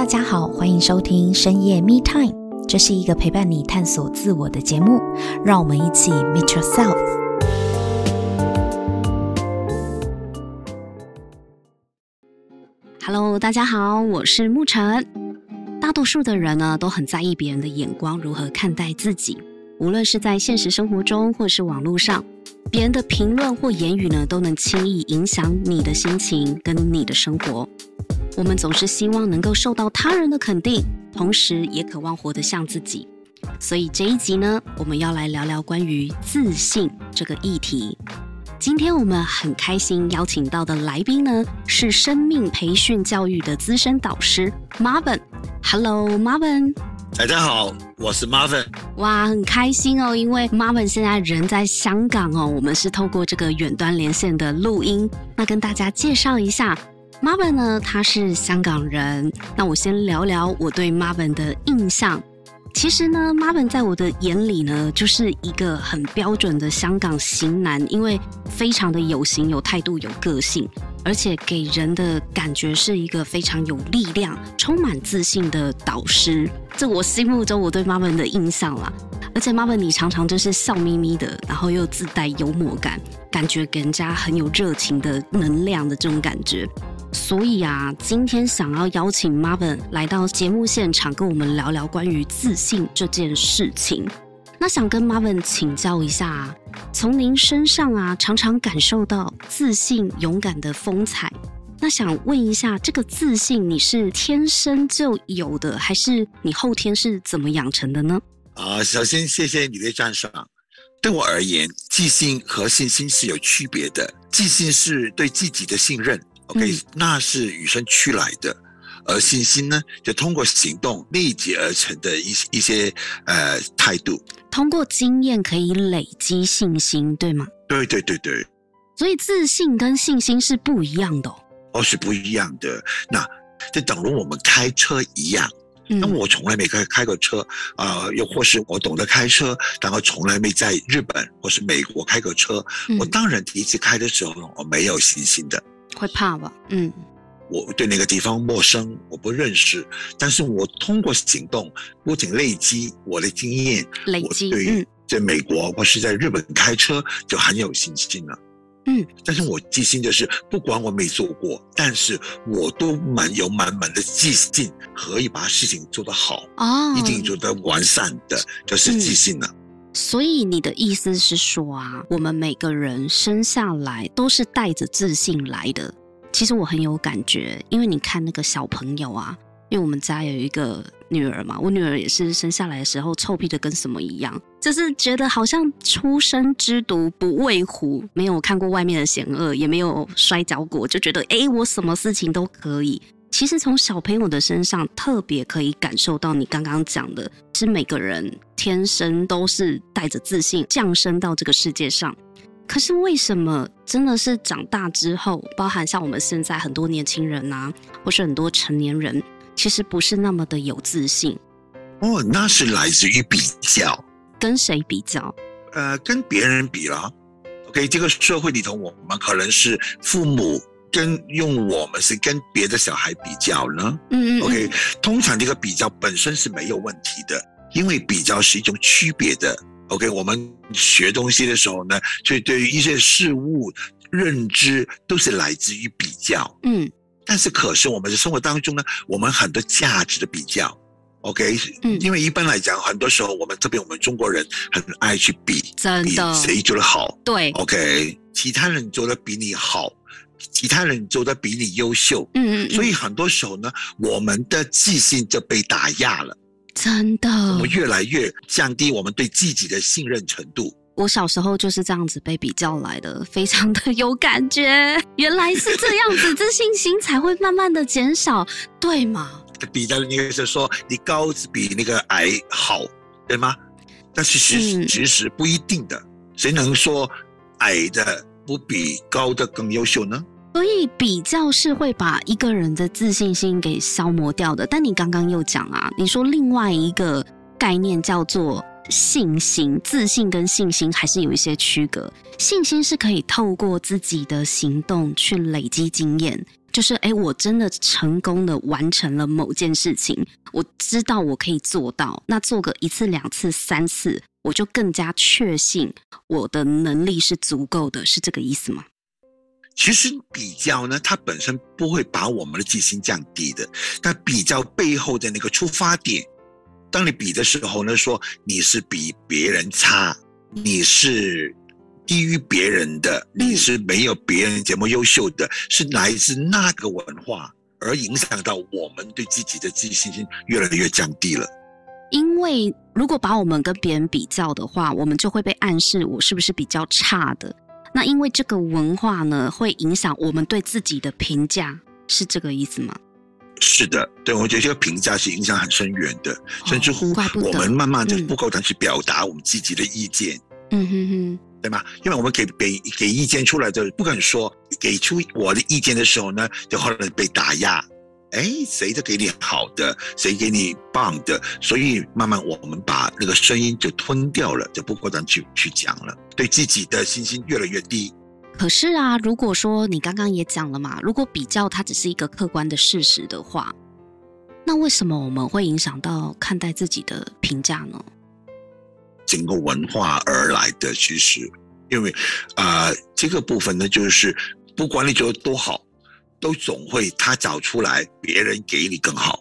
大家好，歡迎收聽深夜 Me Time，這是一個陪伴你探索自我的節目。讓我們一起 Meet Yourself。Hello，大家好，我是沐塵。大多數的人呢，都很在意別人的眼光，如何看待自己。無論是在現實生活中，或是網絡上，別人的評論或言語呢，都能輕易影響你的心情跟你的生活。我們總是希望能夠受到他人的肯定，同時也渴望活得像自己。所以這一集呢，我們要來聊聊關於自信這個議題。今天我們很開心邀請到的來賓呢，是生命培訓教育的資深導師 Marvin。Hello，Marvin。Hey, 大家好，我是 Marvin。哇，很開心哦，因為 Marvin 現在人在香港哦，我們是透過這個遠端連線的錄音，那跟大家介紹一下。Marvin 呢，他是香港人。那我先聊聊我對 Marvin 的印象。其實呢，Marvin 在我的眼裡呢，就是一個很標準的香港型男，因為非常的有型、有態度、有個性，而且給人的感覺是一個非常有力量、充滿自信的導師。這我心目中我對 Marvin 的印象啦。而且 Marvin 你常常就是笑眯眯的，然後又自帶幽默感，感覺給人家很有熱情的能量的這種感覺。所以啊，今天想要邀請 Marvin 來到節目現場，跟我們聊聊關於自信這件事情。那想跟 Marvin 請教一下啊，從您身上啊，常常感受到自信、勇敢的風采。那想問一下，這個自信你是天生就有的，還是你後天是怎麼養成的呢？啊，首先謝謝你的讚賞。對我而言，自信和信心是有區別的。自信是對自己的信任。ok、嗯、那是與生俱來的，而信心呢，就通過行動累積而成的一些一些呃態度。通過經驗可以累積信心，對嗎、嗯？對對對對。所以自信跟信心是不一樣的哦。是不一樣的。那就等於我們開車一樣。嗯。那麼我從來沒開開過車，呃，又或是我懂得開車，然後從來沒在日本或是美國開過車。嗯、我當然第一次開的時候，我沒有信心的。會怕吧？嗯，我對那個地方陌生，我不認識，但是我通過行動，不僅累積我的經驗，累積我對於在美國、嗯、或是在日本開車就很有信心了。嗯，但是我自信就是不管我沒做過，但是我都蠻有滿滿的自信，可以把事情做得好，哦，一定做得完善的。嗯、就是自信了。嗯所以你的意思是說啊，我們每個人生下來都是帶着自信來的。其實我很有感覺，因為你看那個小朋友啊，因為我們家有一個女兒嘛，我女兒也是生下來的時候臭屁的跟什麼一樣，就是覺得好像初生之犢不畏虎，沒有看過外面的險惡，也沒有摔跤過，就覺得誒，我什麼事情都可以。其實從小朋友的身上，特別可以感受到你剛剛講的，是每個人天生都是帶着自信降生到這個世界上。可是為什麼真的是長大之後，包含像我們現在很多年輕人啊，或是很多成年人，其實不是那麼的有自信？哦，那是來自於比較。跟誰比較？呃，跟別人比啦。OK，這個社會裡頭，我們可能是父母。跟用我們是跟別的小孩比較呢，嗯，嗯，嗯，OK，通常這個比較本身是沒有問題的，因為比較是一種區別的。OK，我們學東西的時候呢，所以對於一些事物認知都是來自於比較，嗯。但是可是我們的生活當中呢，我們很多價值的比較，OK，嗯，因為一般來講，很多時候我們特別我們中國人很愛去比，真的，比誰做的好，對，OK，嗯，其他人做的比你好。其他人做的比你優秀，嗯，所以很多時候呢，嗯、我們的自信就被打壓了，真的。我們越來越降低我們對自己的信任程度。我小時候就是這樣子被比較來的，非常的有感覺。原來是這樣子， 自信心才會慢慢的減少，對嗎？比較的意思是說，你高子比那個矮好，對嗎？但是其實、嗯、其實不一定的，誰能說矮的？我比高的更優秀呢？所以比較是會把一個人的自信心給消磨掉的。但你剛剛又講啊，你說另外一個概念叫做信心，自信跟信心還是有一些區隔。信心是可以透過自己的行動去累積經驗，就是哎、欸，我真的成功的完成了某件事情，我知道我可以做到。那做個一次、兩次、三次。我就更加確信我的能力是足夠的，是這個意思嗎？其實比較呢，它本身不會把我們的自信降低的。但比較背後的那個出發點，當你比的時候呢，說你是比別人差，你是低於別人的，嗯、你是沒有別人這麼優秀的，是來自那個文化而影響到我們對自己的自信心越來越降低了。因為如果把我們跟別人比較的話，我們就會被暗示我是不是比較差的。那因為這個文化呢，會影響我們對自己的評價，是這個意思嗎？是的，對，我覺得這個評價是影響很深遠的，哦、甚至乎我，我們慢慢就不夠膽去表達我們自己的意見。嗯。嗯哼哼，對嗎？因為我們給給給意見出來的不敢說，給出我的意見的時候呢，就後來被打壓。哎，誰都給你好的，誰給你棒的，所以慢慢我們把那個聲音就吞掉了，就不敢去去講了，對自己的信心越來越低。可是啊，如果說你剛剛也講了嘛，如果比較它只是一個客觀的事實的話，那為什麼我們會影響到看待自己的評價呢？整個文化而來的，其實因為啊、呃，這個部分呢，就是不管你覺得多好。都總會他找出來，別人給你更好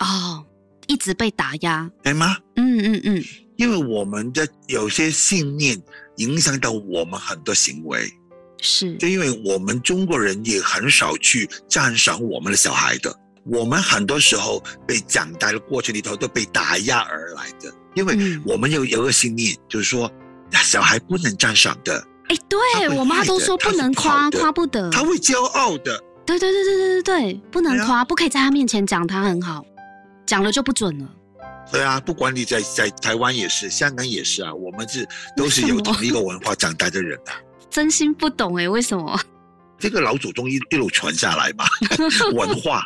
哦，一直被打壓，對嗎？嗯嗯嗯，因為我們的有些信念影響到我們很多行為，是。就因為我們中國人也很少去讚賞我們的小孩的，我們很多時候被長大的過程裡頭都被打壓而來的，因為我們有、嗯、有一個信念，就是說小孩不能讚賞的。哎，對，我媽都說不能誇，誇，誇不得，他會驕傲的。對對對對對對，不能誇，對、啊，不可以在他面前講他很好，講了就不準了。對啊，不管你在在台灣也是，香港也是啊，我們是都是有同一個文化長大的人啊。真心不懂哎，、欸，為什麼？這個老祖宗一路傳下來嘛， 文化，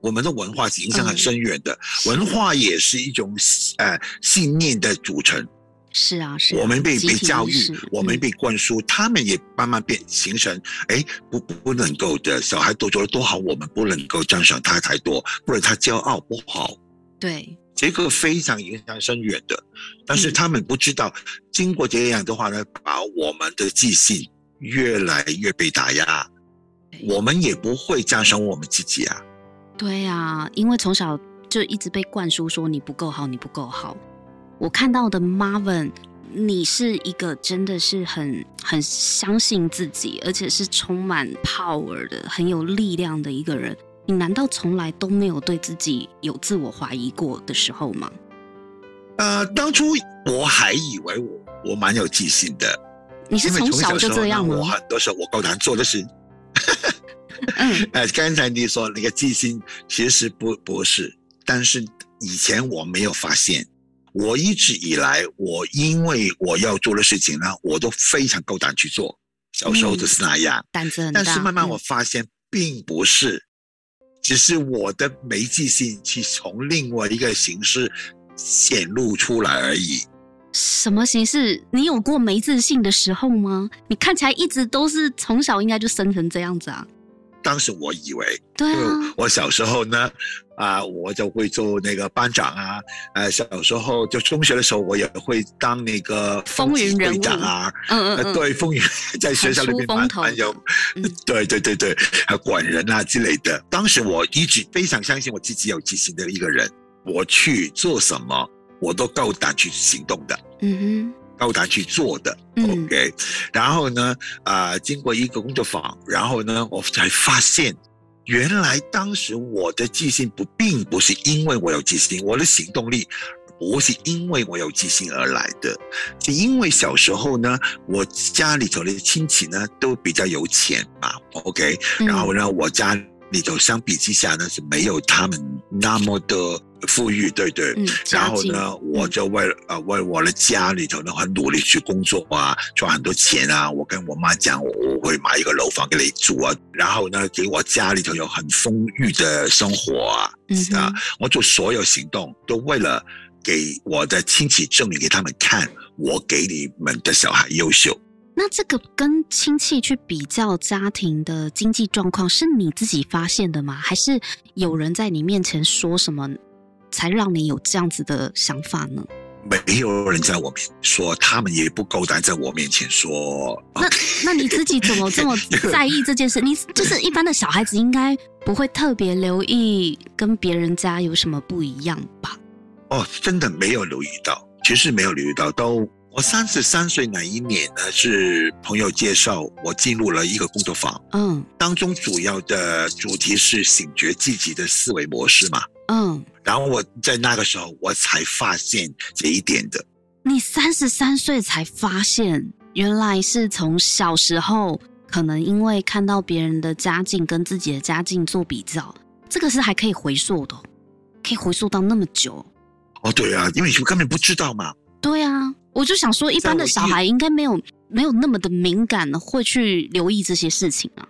我們的文化是影響很深遠的、嗯，文化也是一種呃信念的組成。是啊，是啊。我們被被教育、嗯，我們被灌輸，他們也慢慢變形成，哎、欸，不不能夠的，小孩多做的多好，我們不能夠讚賞他太多，不然他驕傲不好。對，這個非常影響深遠的，但是他們不知道、嗯，經過這樣的話呢，把我們的自信越來越被打壓，我們也不會讚賞我們自己啊。對啊，因為從小就一直被灌輸說你不夠好，你不夠好。我看到的 Marvin 你是一個真的是很很相信自己，而且是充滿 power 的，很有力量的一個人。你難道從來都沒有對自己有自我懷疑過的時候嗎？呃，當初我還以為我我蠻有自信的。你是從小就這樣嗎？我很多時候我搞難做的事。哎， 剛才你說那個自信其實不不是，但是以前我沒有發現。我一直以來，我因為我要做的事情呢，我都非常夠膽去做。小時候就是那樣，嗯，膽子很大。但是慢慢我發現，並不是，嗯，只是我的沒自信去從另外一個形式顯露出來而已。什麼形式？你有過沒自信的時候嗎？你看起來一直都是從小應該就生成這樣子啊。當時我以為，對、啊、為我小時候呢，啊、呃，我就會做那個班長啊，呃，小時候就中學的時候，我也會當那個風紀隊長啊，嗯嗯、呃，對，風紀，嗯嗯 在學校裡面管有，風 對對對對，還管人啊之類的、嗯。當時我一直非常相信我自己有自信的一個人，我去做什麼，我都夠膽去行動的。嗯哼。高達去做的，嗯、，OK，然後呢，啊、呃，經過一個工作坊，然後呢，我才發現，原來當時我的記性不，並不是因為我有記性，我的行動力不是因為我有記性而來的，是因為小時候呢，我家裡頭的親戚呢，都比較有錢嘛，OK，嗯、然後呢，我家裡頭相比之下呢，是沒有他們那麼的。富裕，對對，嗯、然後呢，嗯、我就為了呃為我的家裡頭呢很努力去工作啊，賺很多錢啊。我跟我媽講，我會買一個樓房給你住啊。然後呢，給我家裡頭有很豐裕的生活啊，嗯。啊，我做所有行動都為了給我的親戚證明給他們看，我給你們的小孩優秀。那這個跟親戚去比較家庭的經濟狀況是你自己發現的嗎？還是有人在你面前說什麼？才讓你有這樣子的想法呢？沒有人在我面前說，他們也不夠膽在我面前說。那、okay. 那你自己怎麼這麼在意這件事？ 你就是一般的小孩子，應該不會特別留意跟別人家有什麼不一樣吧？哦，真的沒有留意到，其實沒有留意到。到我三十三歲那一年呢，是朋友介紹我進入了一個工作坊，嗯，當中主要的主題是醒覺自己的思維模式嘛。嗯，然後我在那個時候，我才發現這一點的。你三十三歲才發現，原來是從小時候，可能因為看到別人的家境跟自己的家境做比較，這個是還可以回溯的？哦，可以回溯到那麼久。哦，對啊，因為你根本不知道嘛。對啊，我就想說，一般的小孩應該沒有沒有那麼的敏感，會去留意這些事情啊。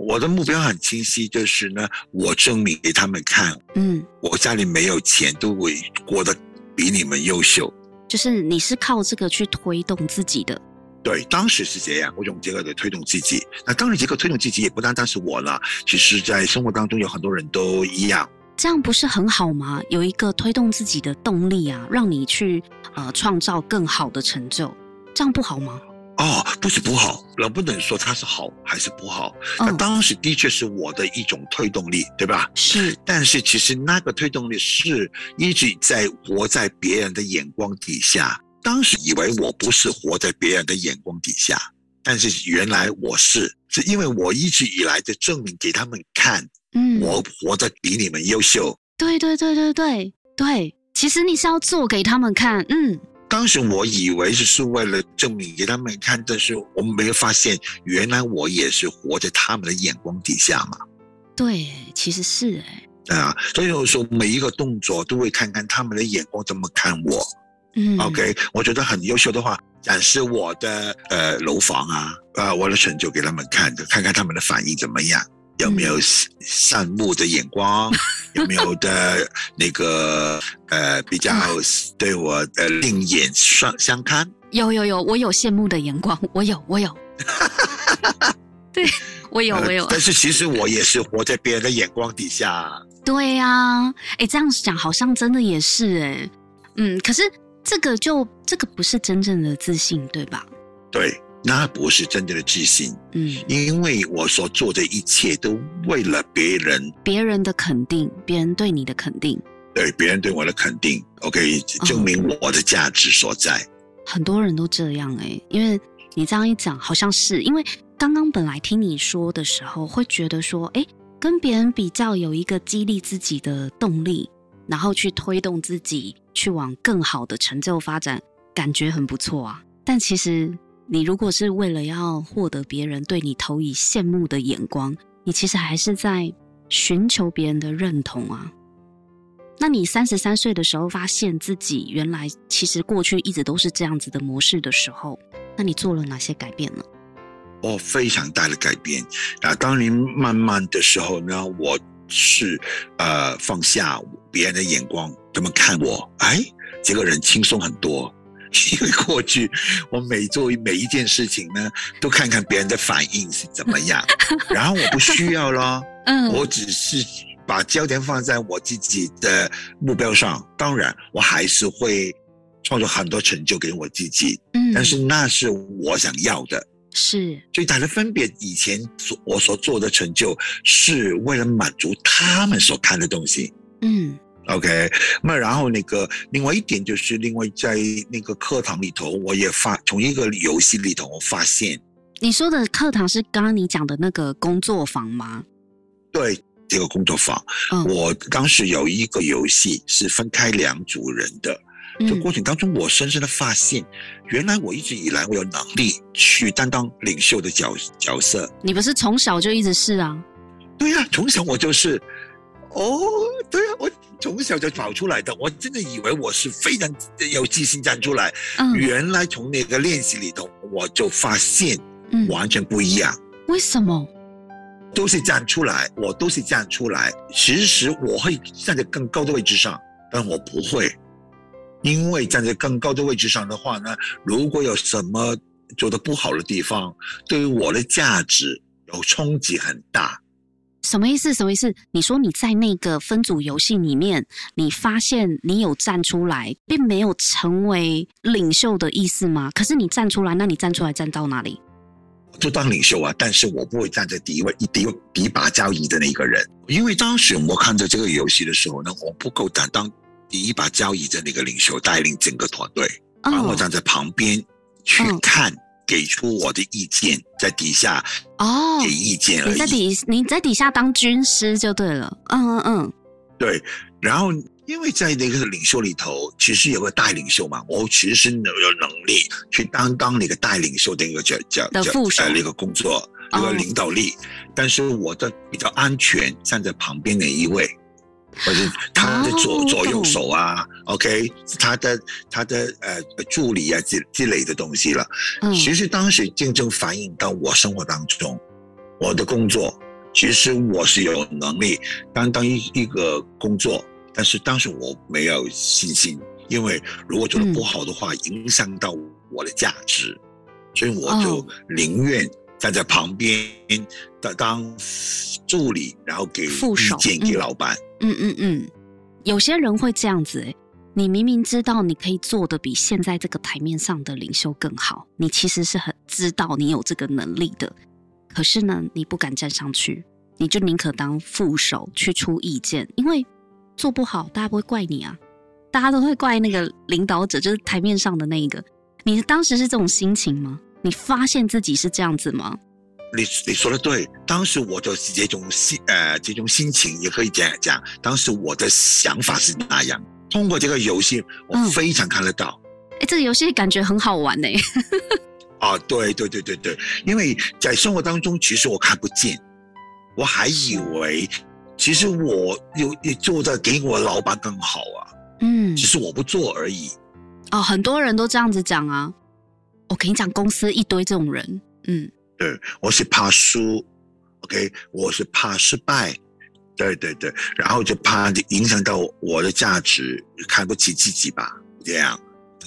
我的目標很清晰，就是呢，我證明給他們看，嗯，我家裡沒有錢，都會過得比你們優秀。就是你是靠這個去推動自己的？對，當時是這樣，我用這個來推動自己。那當然，這個推動自己也不單單是我了，其實在生活當中有很多人都一樣。這樣不是很好嗎？有一個推動自己的動力啊，讓你去呃創造更好的成就，這樣不好嗎？哦，oh，不是不好，能不能說它是好還是不好？但，oh，那當時的確是我的一種推動力，對吧？是。是，但是其實那個推動力是一直在活在別人的眼光底下。當時以為我不是活在別人的眼光底下，但是原來我是，是因為我一直以來的證明給他們看，嗯，我活得比你們優秀。對對對對對對，其實你是要做給他們看，嗯。當時我以為是是為了證明給他們看，但是我們沒有發現，原來我也是活在他們的眼光底下嘛。對，其實是哎、欸。對、嗯、啊，所以我說每一個動作都會看看他們的眼光怎麼看我。嗯，OK，我覺得很優秀的話，展示我的呃樓房啊，啊、呃、我的成就給他們看，看看他們的反應怎麼樣。有沒有羨慕的眼光？ 有沒有的？那個呃，比較對我的另眼相相看？有有有，我有羨慕的眼光，我有我有， 對我有、呃、我有。但是其實我也是活在別人的眼光底下。對呀、啊、哎、欸，這樣講好像真的也是哎、欸、嗯，可是這個就這個不是真正的自信，對吧？對。那不是真正的自信，嗯，因為我所做的一切都為了別人，別人的肯定，別人對你的肯定，對別人對我的肯定，OK，哦，證明我的價值所在。很多人都這樣哎、欸，因為你這樣一講，好像是因為剛剛本來聽你說的時候，會覺得說，哎，跟別人比較有一個激勵自己的動力，然後去推動自己去往更好的成就發展，感覺很不錯啊。但其實。你如果是為了要獲得別人對你投以羨慕的眼光，你其實還是在尋求別人的認同啊。那你三十三歲的時候，發現自己原來其實過去一直都是這樣子的模式的時候，那你做了哪些改變呢？哦，非常大的改變啊！當您慢慢的時候呢，我是呃放下別人的眼光，他們看我，哎，這個人輕鬆很多。因為過去我每做每一件事情呢，都看看別人的反應是怎麼樣， 然後我不需要了， 嗯，我只是把焦點放在我自己的目標上。當然，我還是會創作很多成就給我自己，嗯，但是那是我想要的，是。所以最大的分別，以前我所做的成就，是為了滿足他們所看的東西，嗯。嗯 OK，那然後那個另外一點就是，另外在那個課堂裡頭，我也發從一個遊戲裡頭，我發現。你說的課堂是剛剛你講的那個工作坊嗎？對，這個工作坊。嗯，我當時有一個遊戲是分開兩組人的，這過程當中，我深深的發現，嗯，原來我一直以來我有能力去擔當領袖的角角色。你不是從小就一直是啊？對呀，啊，從小我就是。哦、oh，對啊，我從小就跑出來的，我真的以為我是非常有自信站出來，嗯。原來從那個練習裡頭，我就發現完全不一樣，嗯。為什麼？都是站出來，我都是站出來。其實我會站在更高的位置上，但我不會，因為站在更高的位置上的話呢，如果有什麼做得不好的地方，對於我的價值有衝擊很大。什麼意思？什麼意思？你說你在那個分組遊戲裡面，你發現你有站出來，並沒有成為領袖的意思嗎？可是你站出來，那你站出來站到哪裡？就當領袖啊！但是我不會站在第一位，一第一把交椅的那個人。因為當時我看着這個遊戲的時候呢，我不夠膽當第一把交椅的那個領袖，帶領整個團隊，哦、然後站在旁邊去、哦、看。給出我的意見，在底下哦，給意見、哦。你在底，你在底下當軍師就對了。嗯嗯嗯，對。然後，因為在那個領袖裡頭，其實有個大領袖嘛，我其實有有能力去擔當，當那個大領袖的一個叫叫叫副手那個工作，個領導力、哦。但是我的比較安全，站在旁邊的一位。或者他的左左右手啊 oh, oh, oh.，OK，他的他的呃助理啊，這之類的東西了。嗯，其實當時真正,正反映到我生活當中，我的工作，其實我是有能力擔當一一個工作，但是當時我沒有信心，因為如果做得不好的話，影響到我的價值，嗯、所以我就寧願站在旁邊當、oh, oh. 當助理，然後給意見給老板。嗯嗯嗯，有些人會這樣子誒，你明明知道你可以做得比現在這個台面上的領袖更好，你其實是很知道你有這個能力的，可是呢，你不敢站上去，你就寧可當副手去出意見，因為做不好大家不會怪你啊，大家都會怪那個領導者，就是台面上的那一個。你當時是這種心情嗎？你發現自己是這樣子嗎？你你說的對，當時我的這種心，呃，這種心情也可以這樣講。當時我的想法是那樣。通過這個遊戲，我非常看得到。哎、嗯，這個遊戲感覺很好玩呢、欸。啊、 哦，對對對對對，因為在生活當中，其實我看不見，我還以為其實我有也做的給我的老闆更好啊。嗯，只是我不做而已。哦，很多人都這樣子講啊。我跟你講，公司一堆這種人，嗯。對，我是怕輸，OK，我是怕失敗，對對對，然後就怕影響到我的價值，看不起自己吧，這樣，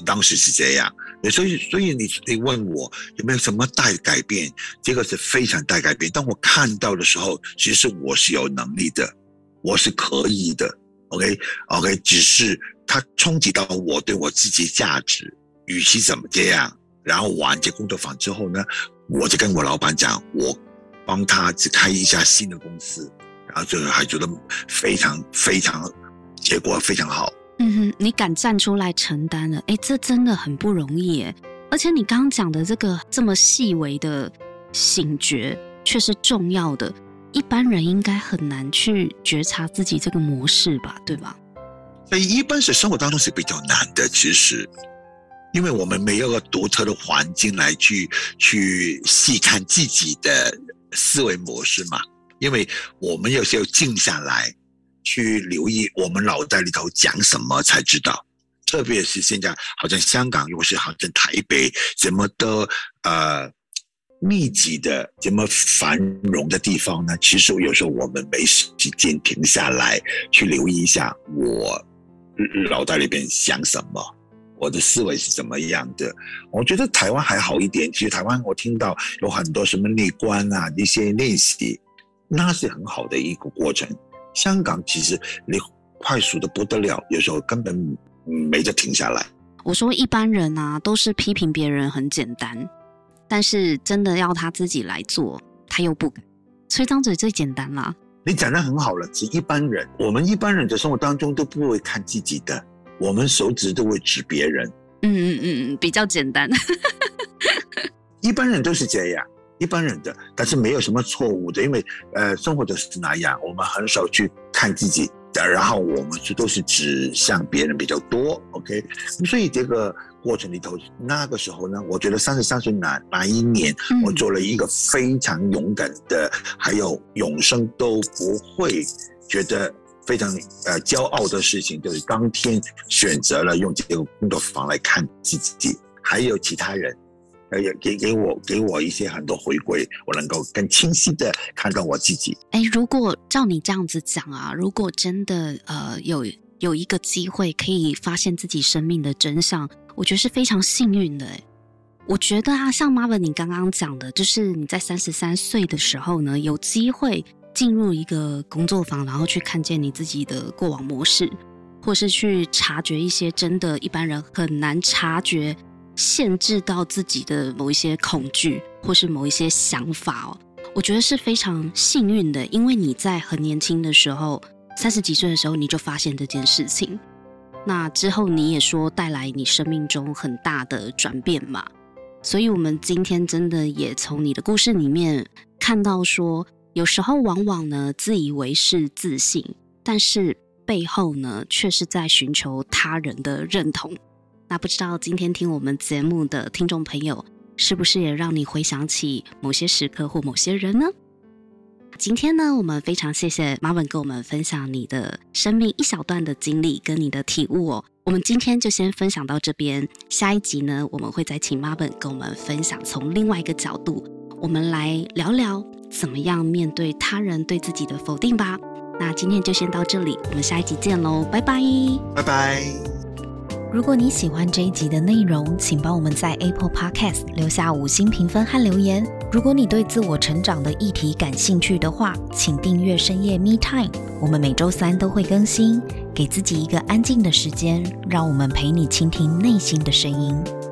當時是這樣。所以，所以你你問我有沒有什麼大改變？這個是非常大改變。當我看到的時候，其實我是有能力的，我是可以的，OK，OK，okay? Okay, 只是它衝擊到我對我自己價值，與其怎麼這樣，然後完這工作坊之後呢？我就跟我老闆講，我幫他只開一家新的公司，然後最後還覺得非常非常，結果非常好。嗯哼，你敢站出來承擔了，哎，這真的很不容易哎。而且你剛剛講的這個這麼細微的醒覺，卻是重要的，一般人應該很難去覺察自己這個模式吧？對吧？所以一般是生活當中是比較難的，其實。因為我們沒有個獨特的環境來去去細看自己的思維模式嘛，因為我們有時候靜下來，去留意我們腦袋裡頭講什麼才知道。特別是現在，好像香港又是好像台北，怎麼都呃密集的這麼繁榮的地方呢？其實有時候我們沒時間停下來去留意一下我腦袋裡邊想什麼。我的思維是怎麼樣的？我覺得台灣還好一點。其實台灣，我聽到有很多什麼內觀啊一些練習，那是很好的一個過程。香港其實你快速的不得了，有時候根本沒得停下來。我說一般人啊，都是批評別人很簡單，但是真的要他自己來做，他又不敢。吹張嘴最簡單了啊。你講得很好了，是一般人，我們一般人的生活當中都不會看自己的。我們手指都會指別人，嗯嗯嗯嗯，比較簡單。 一般人都是這樣，一般人的，但是沒有什麼錯誤的，因為呃，生活就是那樣。我們很少去看自己，然後我們是都是指向別人比較多。OK，所以這個過程裡頭，那個時候呢，我覺得三十三歲那那一年、嗯，我做了一個非常勇敢的，還有永生都不會覺得。非常呃驕傲的事情，就是當天選擇了用這個工作坊來看自己，還有其他人，呃，也給給我給我一些很多回饋，我能夠更清晰的看到我自己。哎、欸，如果照你這樣子講啊，如果真的呃有有一個機會可以發現自己生命的真相，我覺得是非常幸運的、欸。哎，我覺得啊，像 Marvin 你剛剛講的，就是你在三十三歲的時候呢，有機會。進入一個工作坊，然後去看見你自己的過往模式，或是去察覺一些真的一般人很難察覺、限制到自己的某一些恐懼，或是某一些想法哦。我覺得是非常幸運的，因為你在很年輕的時候，三十幾歲的時候你就發現這件事情。那之後你也說帶來你生命中很大的轉變嘛，所以我們今天真的也從你的故事裡面看到說。有時候往往呢，自以為是自信，但是背後呢，卻是在尋求他人的認同。那不知道今天聽我們節目的聽眾朋友，是不是也讓你回想起某些時刻或某些人呢？今天呢，我們非常謝謝 Marvin 跟我們分享你的生命一小段的經歷跟你的體悟哦。我們今天就先分享到這邊，下一集呢，我們會再請 Marvin 跟我們分享從另外一個角度。我們來聊聊怎麼樣面對他人對自己的否定吧。那今天就先到這裡，我們下一集見嘍，拜拜，拜拜。如果你喜歡這一集的內容，請幫我們在 Apple Podcast 留下五星評分和留言。如果你對自我成長的議題感興趣的話，請訂閱深夜 Me Time，我們每周三都會更新，給自己一個安靜的時間，讓我們陪你傾聽內心的聲音。